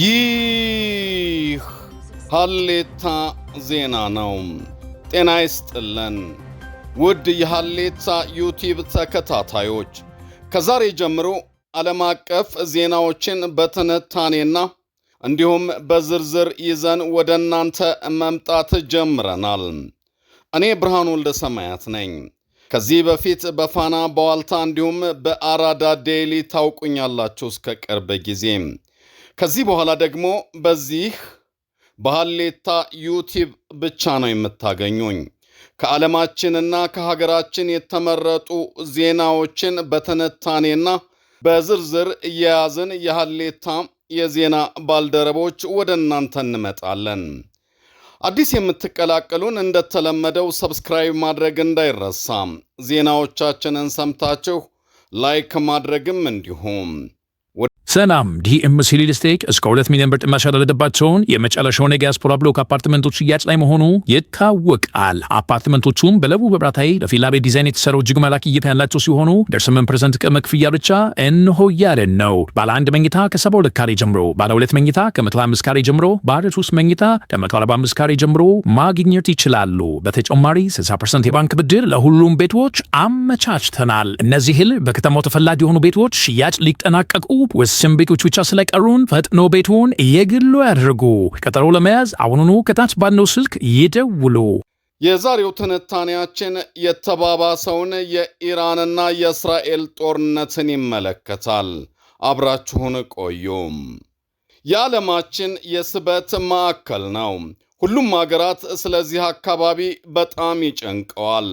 ይህ ሀሌታ ዜና ነው። ጤና ይስጥልን ውድ የሀሌታ ዩቲዩብ ተከታታዮች፣ ከዛሬ ጀምሮ ዓለም አቀፍ ዜናዎችን በትንታኔና እንዲሁም በዝርዝር ይዘን ወደ እናንተ መምጣት ጀምረናል። እኔ ብርሃኑ ወልደ ሰማያት ነኝ። ከዚህ በፊት በፋና በዋልታ እንዲሁም በአራዳ ዴይሊ ታውቁኛላችሁ እስከ ቅርብ ጊዜ ከዚህ በኋላ ደግሞ በዚህ በሀሌታ ዩቲብ ብቻ ነው የምታገኙኝ። ከዓለማችንና ከሀገራችን የተመረጡ ዜናዎችን በትንታኔና በዝርዝር እየያዝን የሀሌታ የዜና ባልደረቦች ወደ እናንተ እንመጣለን። አዲስ የምትቀላቀሉን እንደተለመደው ሰብስክራይብ ማድረግ እንዳይረሳም ዜናዎቻችንን ሰምታችሁ ላይክ ማድረግም እንዲሁም ሰላም ዲኤምሲ ሪል ስቴት እስከ ሁለት ሚሊዮን ብር ጥማሽ ያደረገባቸውን የመጨረሻውን የዲያስፖራ ብሎክ አፓርትመንቶች ሽያጭ ላይ መሆኑ ይታወቃል። አፓርትመንቶቹም በለቡ በብራታዊ ለፊላ ቤት ዲዛይን የተሰራው እጅግ መላክ እይታ ያላቸው ሲሆኑ ደርስምን ፐርሰንት ቅድመ ክፍያ ብቻ እንሆ ያለን ነው። ባለ አንድ መኝታ ከ72 ካሬ ጀምሮ፣ ባለ ሁለት መኝታ ከ125 ካሬ ጀምሮ፣ ባለ ሶስት መኝታ ከ145 ካሬ ጀምሮ ማግኘት ይችላሉ። በተጨማሪ 60% የባንክ ብድር ለሁሉም ቤቶች አመቻችተናል። እነዚህ ህል በከተማው ተፈላጊ የሆኑ ቤቶች ሽያጭ ሊጠናቀቁ ውስን ቤቶች ብቻ ስለቀሩን ፈጥኖ ቤቱን የግሉ ያድርጉ። ቀጠሮ ለመያዝ አሁኑኑ ከታች ባለው ስልክ ይደውሉ። የዛሬው ትንታኔያችን የተባባሰውን የኢራንና የእስራኤል ጦርነትን ይመለከታል። አብራችሁን ቆዩ። የዓለማችን የስበት ማዕከል ነው። ሁሉም አገራት ስለዚህ አካባቢ በጣም ይጨንቀዋል።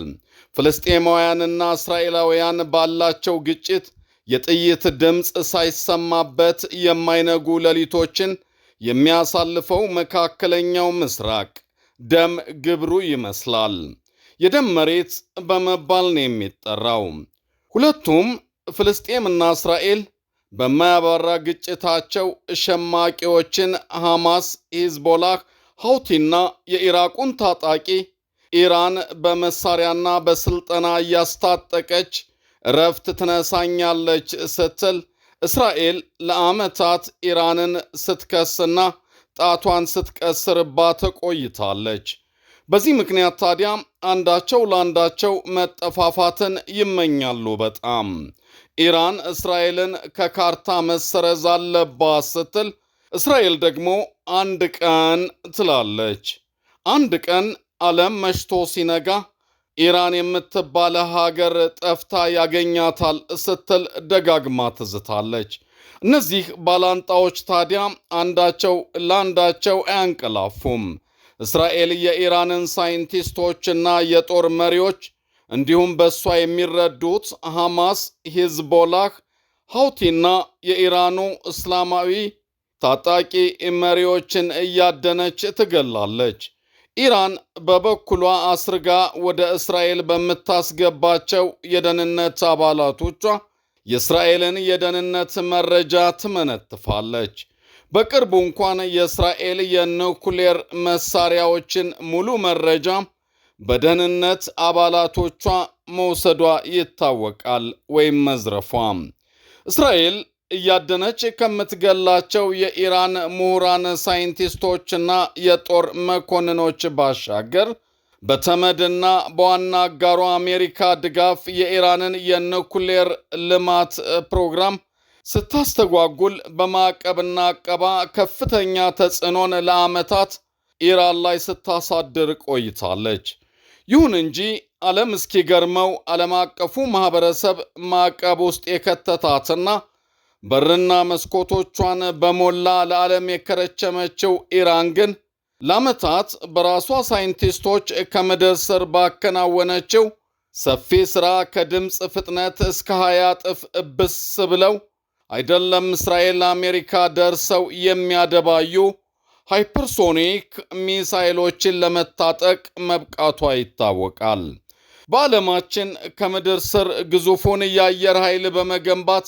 ፍልስጤማውያንና እስራኤላውያን ባላቸው ግጭት የጥይት ድምፅ ሳይሰማበት የማይነጉ ሌሊቶችን የሚያሳልፈው መካከለኛው ምስራቅ ደም ግብሩ ይመስላል። የደም መሬት በመባል ነው የሚጠራው። ሁለቱም ፍልስጤምና እስራኤል በማያባራ ግጭታቸው ሸማቂዎችን ሐማስ፣ ሂዝቦላህ፣ ሐውቲና የኢራቁን ታጣቂ ኢራን በመሳሪያና በስልጠና እያስታጠቀች እረፍት ትነሳኛለች ስትል እስራኤል ለዓመታት ኢራንን ስትከስና ጣቷን ስትቀስርባት ቆይታለች። በዚህ ምክንያት ታዲያ አንዳቸው ለአንዳቸው መጠፋፋትን ይመኛሉ። በጣም ኢራን እስራኤልን ከካርታ መሰረዝ አለባት ስትል እስራኤል ደግሞ አንድ ቀን ትላለች። አንድ ቀን ዓለም መሽቶ ሲነጋ ኢራን የምትባለ ሀገር ጠፍታ ያገኛታል ስትል ደጋግማ ትዝታለች። እነዚህ ባላንጣዎች ታዲያ አንዳቸው ለአንዳቸው አያንቀላፉም። እስራኤል የኢራንን ሳይንቲስቶችና የጦር መሪዎች እንዲሁም በእሷ የሚረዱት ሐማስ፣ ሂዝቦላህ፣ ሐውቲና የኢራኑ እስላማዊ ታጣቂ መሪዎችን እያደነች ትገላለች። ኢራን በበኩሏ አስርጋ ወደ እስራኤል በምታስገባቸው የደህንነት አባላቶቿ የእስራኤልን የደህንነት መረጃ ትመነትፋለች። በቅርቡ እንኳን የእስራኤል የኑክሌር መሳሪያዎችን ሙሉ መረጃ በደህንነት አባላቶቿ መውሰዷ ይታወቃል፣ ወይም መዝረፏ። እስራኤል እያደነች ከምትገላቸው የኢራን ምሁራን ሳይንቲስቶችና የጦር መኮንኖች ባሻገር በተመድና በዋና አጋሯ አሜሪካ ድጋፍ የኢራንን የኑክሌር ልማት ፕሮግራም ስታስተጓጉል በማዕቀብና አቀባ ከፍተኛ ተጽዕኖን ለዓመታት ኢራን ላይ ስታሳድር ቆይታለች። ይሁን እንጂ ዓለም እስኪገርመው ዓለም አቀፉ ማኅበረሰብ ማዕቀብ ውስጥ የከተታትና በርና መስኮቶቿን በሞላ ለዓለም የከረቸመችው ኢራን ግን ለዓመታት በራሷ ሳይንቲስቶች ከምድር ስር ባከናወነችው ሰፊ ሥራ ከድምፅ ፍጥነት እስከ 20 እጥፍ እብስ ብለው አይደለም እስራኤል አሜሪካ ደርሰው የሚያደባዩ ሃይፐርሶኒክ ሚሳይሎችን ለመታጠቅ መብቃቷ ይታወቃል። በዓለማችን ከምድር ስር ግዙፉን የአየር ኃይል በመገንባት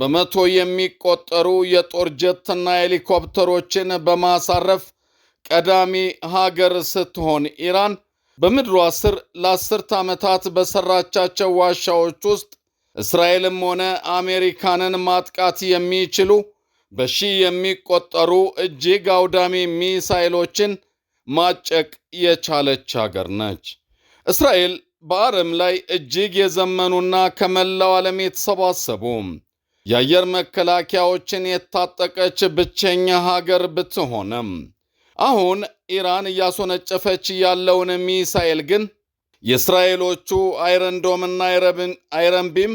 በመቶ የሚቆጠሩ የጦር ጀትና ሄሊኮፕተሮችን በማሳረፍ ቀዳሚ ሀገር ስትሆን ኢራን በምድሯ ስር ለአስርት ዓመታት በሰራቻቸው ዋሻዎች ውስጥ እስራኤልም ሆነ አሜሪካንን ማጥቃት የሚችሉ በሺ የሚቆጠሩ እጅግ አውዳሚ ሚሳይሎችን ማጨቅ የቻለች ሀገር ነች። እስራኤል በአረም ላይ እጅግ የዘመኑና ከመላው ዓለም የተሰባሰቡ የአየር መከላከያዎችን የታጠቀች ብቸኛ ሀገር ብትሆንም አሁን ኢራን እያስወነጨፈች ያለውን ሚሳኤል ግን የእስራኤሎቹ አይረንዶምና አይረንቢም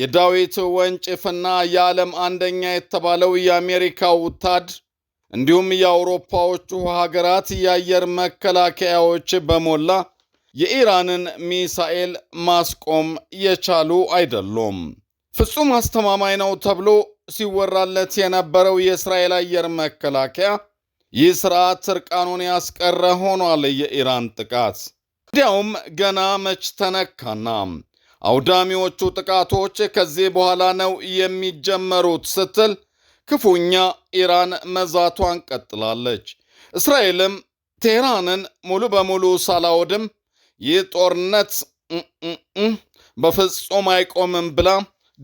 የዳዊት ወንጭፍና የዓለም አንደኛ የተባለው የአሜሪካው ታድ እንዲሁም የአውሮፓዎቹ ሀገራት የአየር መከላከያዎች በሞላ የኢራንን ሚሳኤል ማስቆም የቻሉ አይደሉም። ፍጹም አስተማማኝ ነው ተብሎ ሲወራለት የነበረው የእስራኤል አየር መከላከያ ይህ ስርዓት እርቃኑን ያስቀረ ሆኗል። የኢራን ጥቃት እንዲያውም ገና መች ተነካና አውዳሚዎቹ ጥቃቶች ከዚህ በኋላ ነው የሚጀመሩት ስትል ክፉኛ ኢራን መዛቷን ቀጥላለች። እስራኤልም ቴህራንን ሙሉ በሙሉ ሳላወድም ይህ ጦርነት በፍጹም አይቆምም ብላ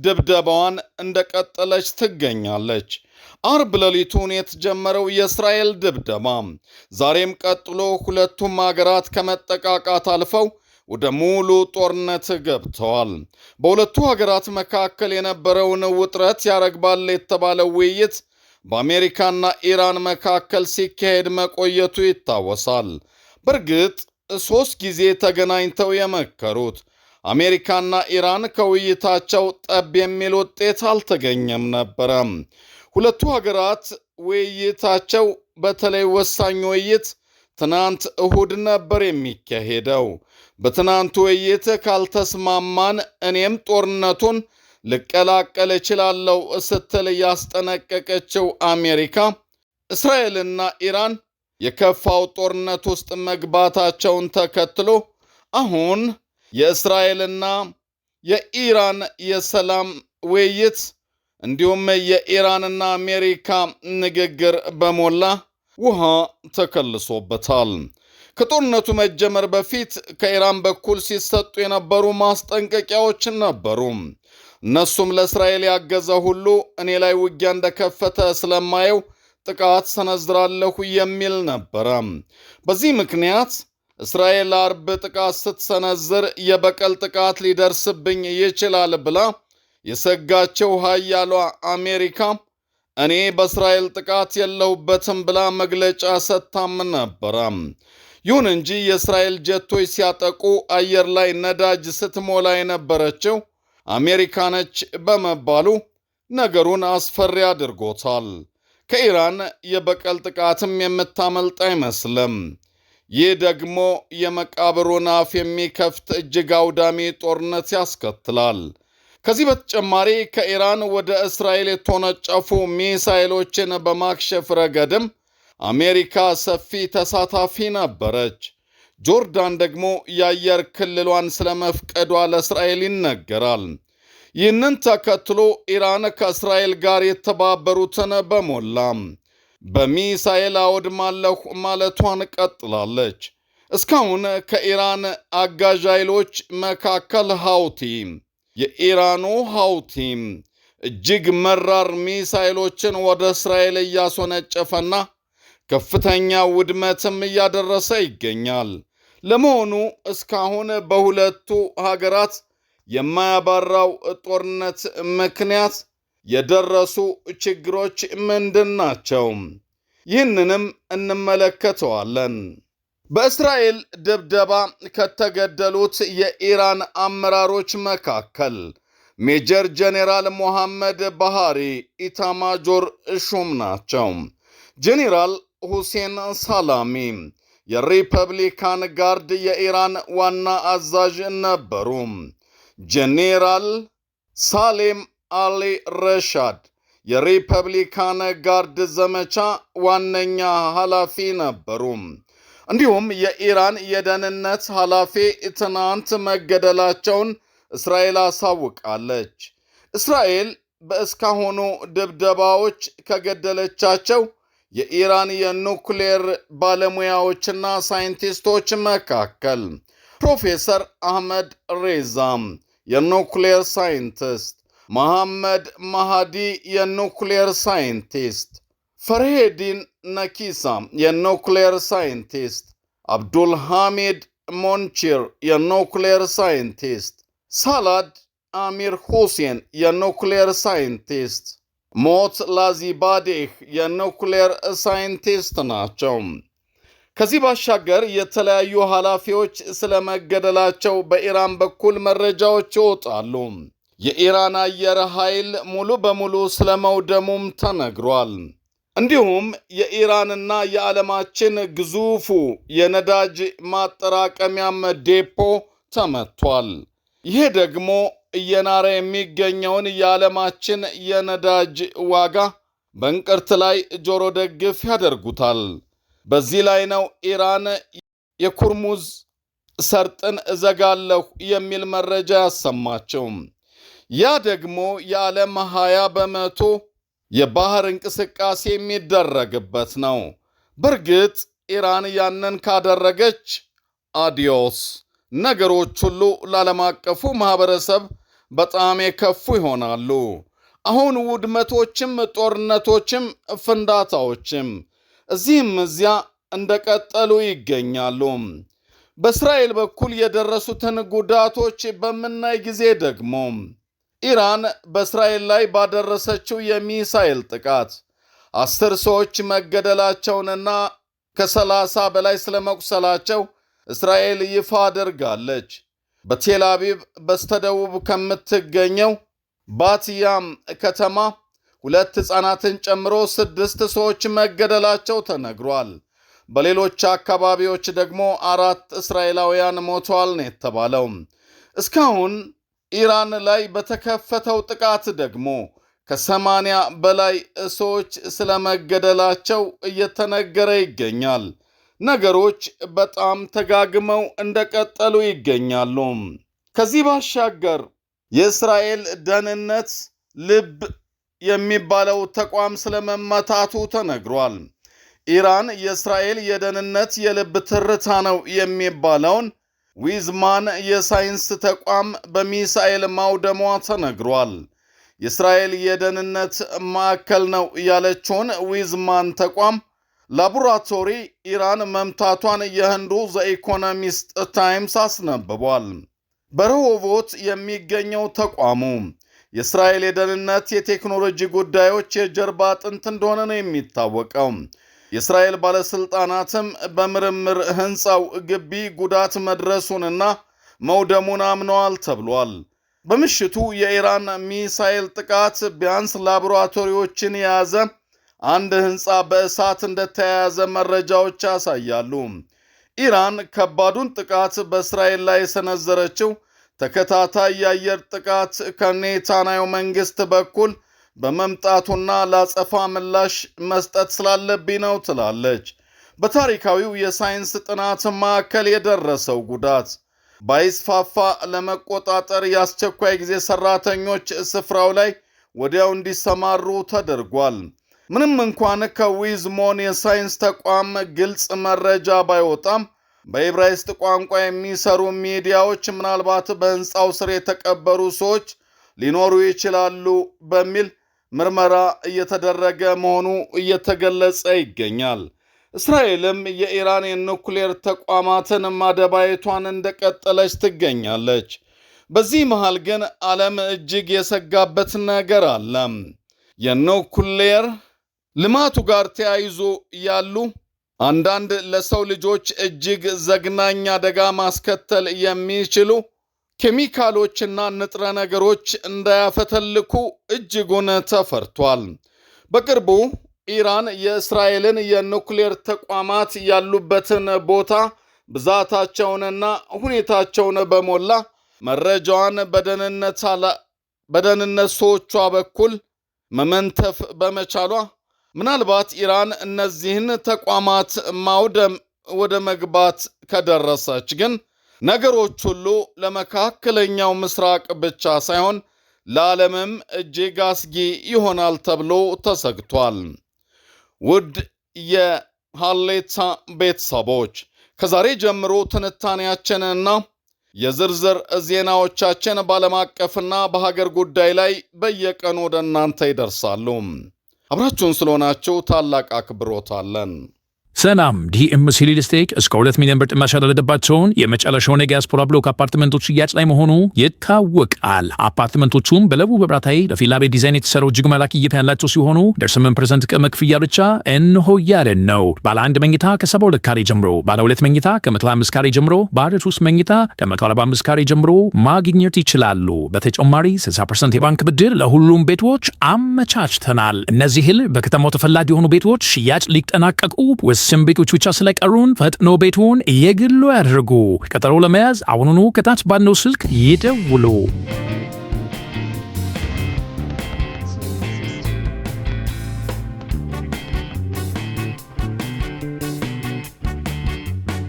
ድብደባዋን እንደቀጠለች ትገኛለች። አርብ ሌሊቱን የተጀመረው የእስራኤል ድብደባ ዛሬም ቀጥሎ ሁለቱም አገራት ከመጠቃቃት አልፈው ወደ ሙሉ ጦርነት ገብተዋል። በሁለቱ ሀገራት መካከል የነበረውን ውጥረት ያረግባል የተባለው ውይይት በአሜሪካና ኢራን መካከል ሲካሄድ መቆየቱ ይታወሳል። በእርግጥ ሦስት ጊዜ ተገናኝተው የመከሩት አሜሪካና ኢራን ከውይይታቸው ጠብ የሚል ውጤት አልተገኘም ነበረ። ሁለቱ ሀገራት ውይይታቸው በተለይ ወሳኝ ውይይት ትናንት እሁድ ነበር የሚካሄደው። በትናንቱ ውይይት ካልተስማማን እኔም ጦርነቱን ልቀላቀል እችላለሁ ስትል ያስጠነቀቀችው አሜሪካ እስራኤልና ኢራን የከፋው ጦርነት ውስጥ መግባታቸውን ተከትሎ አሁን የእስራኤልና የኢራን የሰላም ውይይት እንዲሁም የኢራንና አሜሪካ ንግግር በሞላ ውሃ ተከልሶበታል። ከጦርነቱ መጀመር በፊት ከኢራን በኩል ሲሰጡ የነበሩ ማስጠንቀቂያዎች ነበሩ። እነሱም ለእስራኤል ያገዘ ሁሉ እኔ ላይ ውጊያ እንደከፈተ ስለማየው ጥቃት ሰነዝራለሁ የሚል ነበረ። በዚህ ምክንያት እስራኤል አርብ ጥቃት ስትሰነዝር የበቀል ጥቃት ሊደርስብኝ ይችላል ብላ የሰጋቸው ሀያሏ አሜሪካ እኔ በእስራኤል ጥቃት የለሁበትም ብላ መግለጫ ሰጥታም ነበረ። ይሁን እንጂ የእስራኤል ጀቶች ሲያጠቁ አየር ላይ ነዳጅ ስትሞላ የነበረችው አሜሪካ ነች በመባሉ ነገሩን አስፈሪ አድርጎታል። ከኢራን የበቀል ጥቃትም የምታመልጥ አይመስልም። ይህ ደግሞ የመቃብሩን አፍ የሚከፍት እጅግ አውዳሚ ጦርነት ያስከትላል። ከዚህ በተጨማሪ ከኢራን ወደ እስራኤል የተወነጨፉ ሚሳይሎችን በማክሸፍ ረገድም አሜሪካ ሰፊ ተሳታፊ ነበረች። ጆርዳን ደግሞ የአየር ክልሏን ስለመፍቀዷ ለእስራኤል ይነገራል። ይህንን ተከትሎ ኢራን ከእስራኤል ጋር የተባበሩትን በሞላም በሚሳኤል አወድማለሁ ማለቷን ቀጥላለች። እስካሁን ከኢራን አጋዥ ኃይሎች መካከል ሐውቲ የኢራኑ ሐውቲም እጅግ መራር ሚሳኤሎችን ወደ እስራኤል እያስወነጨፈና ከፍተኛ ውድመትም እያደረሰ ይገኛል። ለመሆኑ እስካሁን በሁለቱ ሀገራት የማያባራው ጦርነት ምክንያት የደረሱ ችግሮች ምንድን ናቸው? ይህንንም እንመለከተዋለን። በእስራኤል ድብደባ ከተገደሉት የኢራን አመራሮች መካከል ሜጀር ጄኔራል ሞሐመድ ባህሪ ኢታማጆር ሹም ናቸው። ጄኔራል ሁሴን ሳላሚ የሪፐብሊካን ጋርድ የኢራን ዋና አዛዥ ነበሩ። ጄኔራል ሳሌም አሊ ረሻድ የሪፐብሊካን ጋርድ ዘመቻ ዋነኛ ኃላፊ ነበሩ። እንዲሁም የኢራን የደህንነት ኃላፊ ትናንት መገደላቸውን እስራኤል አሳውቃለች። እስራኤል በእስካሁኑ ድብደባዎች ከገደለቻቸው የኢራን የኑክሌር ባለሙያዎችና ሳይንቲስቶች መካከል ፕሮፌሰር አህመድ ሬዛም የኑክሌር ሳይንቲስት መሐመድ መሃዲ የኑክሌር ሳይንቲስት፣ ፈርሄዲን ነኪሳ የኑክሌር ሳይንቲስት፣ አብዱልሐሚድ ሞንቺር የኑክሌር ሳይንቲስት፣ ሳላድ አሚር ሁሴን የኑክሌር ሳይንቲስት፣ ሞት ላዚባዴህ የኑክሌር ሳይንቲስት ናቸው። ከዚህ ባሻገር የተለያዩ ኃላፊዎች ስለመገደላቸው በኢራን በኩል መረጃዎች ይወጣሉ። የኢራን አየር ኃይል ሙሉ በሙሉ ስለመውደሙም ተነግሯል። እንዲሁም የኢራንና የዓለማችን ግዙፉ የነዳጅ ማጠራቀሚያም ዴፖ ተመቷል። ይሄ ደግሞ እየናረ የሚገኘውን የዓለማችን የነዳጅ ዋጋ በእንቅርት ላይ ጆሮ ደግፍ ያደርጉታል። በዚህ ላይ ነው ኢራን የኩርሙዝ ሰርጥን እዘጋለሁ የሚል መረጃ ያሰማቸው። ያ ደግሞ የዓለም 20 በመቶ የባህር እንቅስቃሴ የሚደረግበት ነው። በእርግጥ ኢራን ያንን ካደረገች አዲዮስ ነገሮች ሁሉ ለዓለም አቀፉ ማኅበረሰብ በጣም የከፉ ይሆናሉ። አሁን ውድመቶችም፣ ጦርነቶችም፣ ፍንዳታዎችም እዚህም እዚያ እንደቀጠሉ ይገኛሉ። በእስራኤል በኩል የደረሱትን ጉዳቶች በምናይ ጊዜ ደግሞ ኢራን በእስራኤል ላይ ባደረሰችው የሚሳኤል ጥቃት አስር ሰዎች መገደላቸውንና ከሰላሳ በላይ ስለመቁሰላቸው እስራኤል ይፋ አድርጋለች። በቴል በስተደቡብ ከምትገኘው ባትያም ከተማ ሁለት ሕፃናትን ጨምሮ ስድስት ሰዎች መገደላቸው ተነግሯል። በሌሎች አካባቢዎች ደግሞ አራት እስራኤላውያን ሞተዋል ነው የተባለው። እስካሁን ኢራን ላይ በተከፈተው ጥቃት ደግሞ ከሰማንያ በላይ ሰዎች ስለመገደላቸው እየተነገረ ይገኛል። ነገሮች በጣም ተጋግመው እንደቀጠሉ ይገኛሉ። ከዚህ ባሻገር የእስራኤል ደህንነት ልብ የሚባለው ተቋም ስለመመታቱ ተነግሯል። ኢራን የእስራኤል የደህንነት የልብ ትርታ ነው የሚባለውን ዊዝማን የሳይንስ ተቋም በሚሳኤል ማውደሟ ተነግሯል። የእስራኤል የደህንነት ማዕከል ነው ያለችውን ዊዝማን ተቋም ላቦራቶሪ ኢራን መምታቷን የህንዱ ዘኢኮኖሚስት ታይምስ አስነብቧል። በረሆቦት የሚገኘው ተቋሙ የእስራኤል የደህንነት የቴክኖሎጂ ጉዳዮች የጀርባ አጥንት እንደሆነ ነው የሚታወቀው። የእስራኤል ባለሥልጣናትም በምርምር ሕንፃው ግቢ ጉዳት መድረሱንና መውደሙን አምነዋል ተብሏል። በምሽቱ የኢራን ሚሳኤል ጥቃት ቢያንስ ላቦራቶሪዎችን የያዘ አንድ ሕንፃ በእሳት እንደተያያዘ መረጃዎች ያሳያሉ። ኢራን ከባዱን ጥቃት በእስራኤል ላይ የሰነዘረችው ተከታታይ የአየር ጥቃት ከኔታንያሁ መንግሥት በኩል በመምጣቱና ላጸፋ ምላሽ መስጠት ስላለብኝ ነው ትላለች። በታሪካዊው የሳይንስ ጥናት ማዕከል የደረሰው ጉዳት ባይስፋፋ ለመቆጣጠር የአስቸኳይ ጊዜ ሰራተኞች ስፍራው ላይ ወዲያው እንዲሰማሩ ተደርጓል። ምንም እንኳን ከዊዝሞን የሳይንስ ተቋም ግልጽ መረጃ ባይወጣም በኢብራይስጥ ቋንቋ የሚሰሩ ሚዲያዎች ምናልባት በሕንፃው ስር የተቀበሩ ሰዎች ሊኖሩ ይችላሉ በሚል ምርመራ እየተደረገ መሆኑ እየተገለጸ ይገኛል። እስራኤልም የኢራን የኑክሌር ተቋማትን ማደባየቷን እንደቀጠለች ትገኛለች። በዚህ መሃል ግን ዓለም እጅግ የሰጋበት ነገር አለ። የኑክሌር ልማቱ ጋር ተያይዞ ያሉ አንዳንድ ለሰው ልጆች እጅግ ዘግናኝ አደጋ ማስከተል የሚችሉ ኬሚካሎችና ንጥረ ነገሮች እንዳያፈተልኩ እጅጉን ተፈርቷል። በቅርቡ ኢራን የእስራኤልን የኑክሌር ተቋማት ያሉበትን ቦታ ብዛታቸውንና ሁኔታቸውን በሞላ መረጃዋን በደህንነቶቿ በኩል መመንተፍ በመቻሏ ምናልባት ኢራን እነዚህን ተቋማት ማውደም ወደ መግባት ከደረሰች ግን ነገሮች ሁሉ ለመካከለኛው ምስራቅ ብቻ ሳይሆን ለዓለምም እጅግ አስጊ ይሆናል ተብሎ ተሰግቷል። ውድ የሃሌታ ቤተሰቦች ከዛሬ ጀምሮ ትንታኔያችንና የዝርዝር ዜናዎቻችን በዓለም አቀፍና በሀገር ጉዳይ ላይ በየቀኑ ወደ እናንተ ይደርሳሉ። አብራችሁን ስለሆናችሁ ታላቅ አክብሮት አለን። ሰላም ዲኤምሲ ሪል ስቴት እስከ ሁለት ሚሊዮን ብር ጥመሻ ጥማሽ ያደረገባቸውን የመጨረሻውን የዲያስፖራ ብሎክ አፓርትመንቶች ሽያጭ ላይ መሆኑ ይታወቃል። አፓርትመንቶቹም በለቡ በብራታይ ለፊላ ቤት ዲዛይን የተሰሩ እጅግ መላክ እይታ ያላቸው ሲሆኑ ደርስምን ፐርሰንት ቅድመ ክፍያ ብቻ እንሆ ያለን ነው። ባለ አንድ መኝታ ከ ሁለት ካሬ ጀምሮ፣ ባለ ሁለት መኝታ ከ125 ካሬ ጀምሮ፣ ባለ ሶስት መኝታ ከ145 ካሬ ጀምሮ ማግኘት ይችላሉ። በተጨማሪ 60 ፐርሰንት የባንክ ብድር ለሁሉም ቤቶች አመቻችተናል። እነዚህል በከተማው ተፈላጊ የሆኑ ቤቶች ሽያጭ ሊጠናቀቁ ውስን ቤቶች ብቻ ስለቀሩን ፈጥኖ ቤቱን የግሉ ያድርጉ። ቀጠሮ ለመያዝ አሁኑኑ ከታች ባለው ስልክ ይደውሉ።